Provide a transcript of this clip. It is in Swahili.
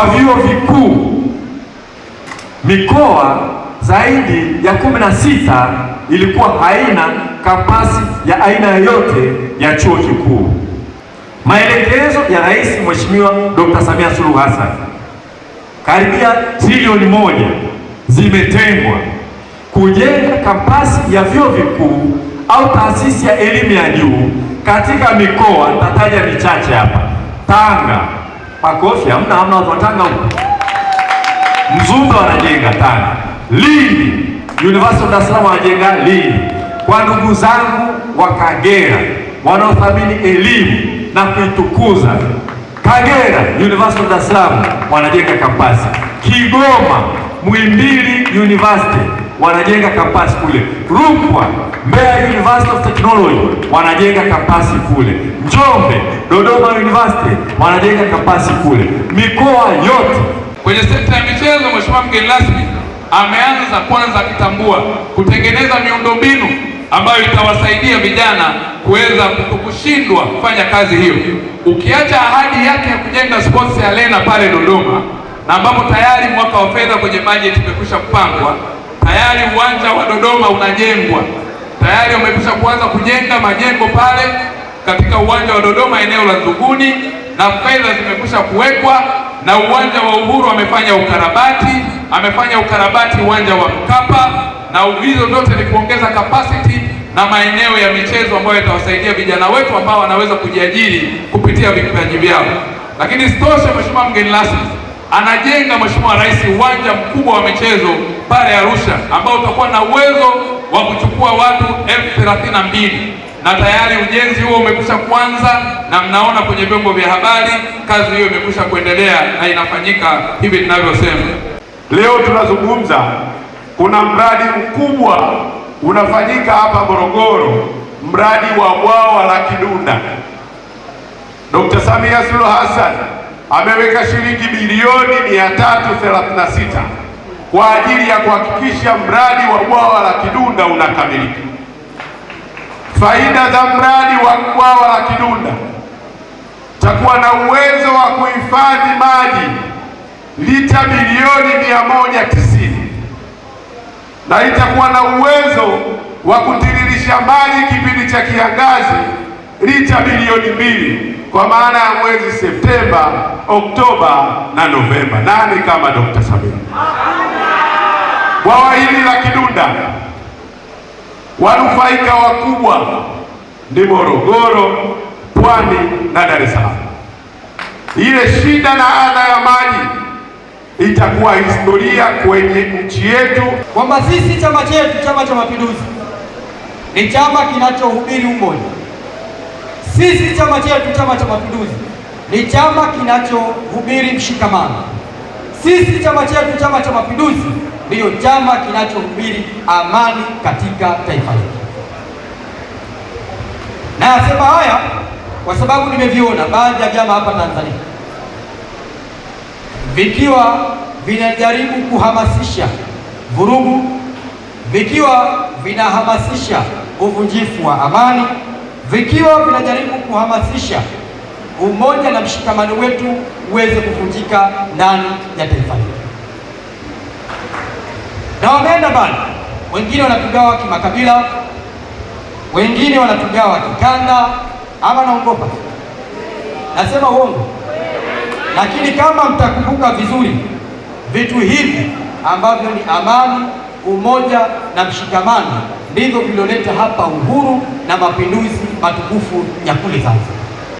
kwa vyuo vikuu mikoa zaidi ya kumi na sita ilikuwa haina kampasi ya aina yoyote ya chuo kikuu. Maelekezo ya Rais Mheshimiwa Dr. Samia Suluhu Hassan, karibia trilioni moja zimetengwa kujenga kampasi ya vyuo vikuu au taasisi ya elimu ya juu katika mikoa, nitataja michache hapa: Tanga Makofi hamna, hamna watu watanga huko. Mzumbe wanajenga Tanga, lini University of Dar es Salaam wanajenga lini Kwa ndugu zangu wa Kagera wanaothamini e, elimu na kuitukuza, Kagera University of Dar es Salaam wanajenga kampasi. Kigoma Muhimbili University wanajenga kampasi kule Rukwa, Mbeya University of Technology wanajenga kampasi kule Njombe, Dodoma University wanajenga kampasi kule, mikoa yote. Kwenye sekta ya michezo, mheshimiwa mgeni rasmi ameanza kwanza akitambua kutengeneza miundombinu ambayo itawasaidia vijana kuweza kushindwa kufanya kazi hiyo. Ukiacha ahadi yake ya kujenga sports arena pale Dodoma, na ambapo tayari mwaka wa fedha kwenye bajeti imekwisha kupangwa tayari uwanja wa Dodoma unajengwa tayari, wamekwisha kuanza kujenga majengo pale katika uwanja wa Dodoma eneo la Nzuguni, na fedha zimekwisha kuwekwa, na uwanja wa Uhuru amefanya ukarabati, amefanya ukarabati uwanja wa Mkapa, na hizo zote ni kuongeza capacity na maeneo ya michezo ambayo yatawasaidia vijana wetu ambao wanaweza kujiajiri kupitia vipaji vyao. Lakini sitoshe, Mheshimiwa mgeni rasmi, anajenga Mheshimiwa Rais uwanja mkubwa wa michezo pale Arusha ambao utakuwa na uwezo wa kuchukua watu elfu thelathini na mbili na tayari ujenzi huo umekwisha kuanza, na mnaona kwenye vyombo vya habari kazi hiyo imekwisha kuendelea na inafanyika hivi tunavyosema. Leo tunazungumza, kuna mradi mkubwa unafanyika hapa Morogoro, mradi wa bwawa la Kidunda. Dkt. Samia Suluhu Hassan ameweka shilingi bilioni 336 kwa ajili ya kuhakikisha mradi wa bwawa la Kidunda unakamilika. Faida za mradi wa bwawa la Kidunda takuwa na uwezo wa kuhifadhi maji lita milioni mia moja tisini na itakuwa na uwezo wa kutiririsha maji kipindi cha kiangazi lita milioni mbili kwa maana ya mwezi Septemba, Oktoba na Novemba. Nani kama Dr. Samia? Bwawa hili la Kidunda wanufaika wakubwa ni Morogoro, Pwani na Dar es Salaam. Ile shida na adha ya maji itakuwa historia kwenye nchi yetu, kwamba sisi chama chetu, Chama cha Mapinduzi, ni chama kinachohubiri umoja sisi chama chetu, Chama cha Mapinduzi, ni chama kinachohubiri mshikamano. Sisi chama chetu, Chama cha Mapinduzi, ndiyo chama kinachohubiri amani katika taifa letu. Nayasema haya kwa sababu nimeviona baadhi ya vyama hapa Tanzania vikiwa vinajaribu kuhamasisha vurugu, vikiwa vinahamasisha uvunjifu wa amani vikiwa vinajaribu kuhamasisha umoja na mshikamano wetu uweze kuvunjika ndani ya taifa letu, na wameenda mbali. Wengine wanatugawa kimakabila, wengine wanatugawa kikanda, ama naongopa nasema uongo? Lakini kama mtakumbuka vizuri vitu hivi ambavyo ni amani umoja na mshikamano ndivyo vilioleta hapa uhuru na mapinduzi matukufu ya kule Zanzibar.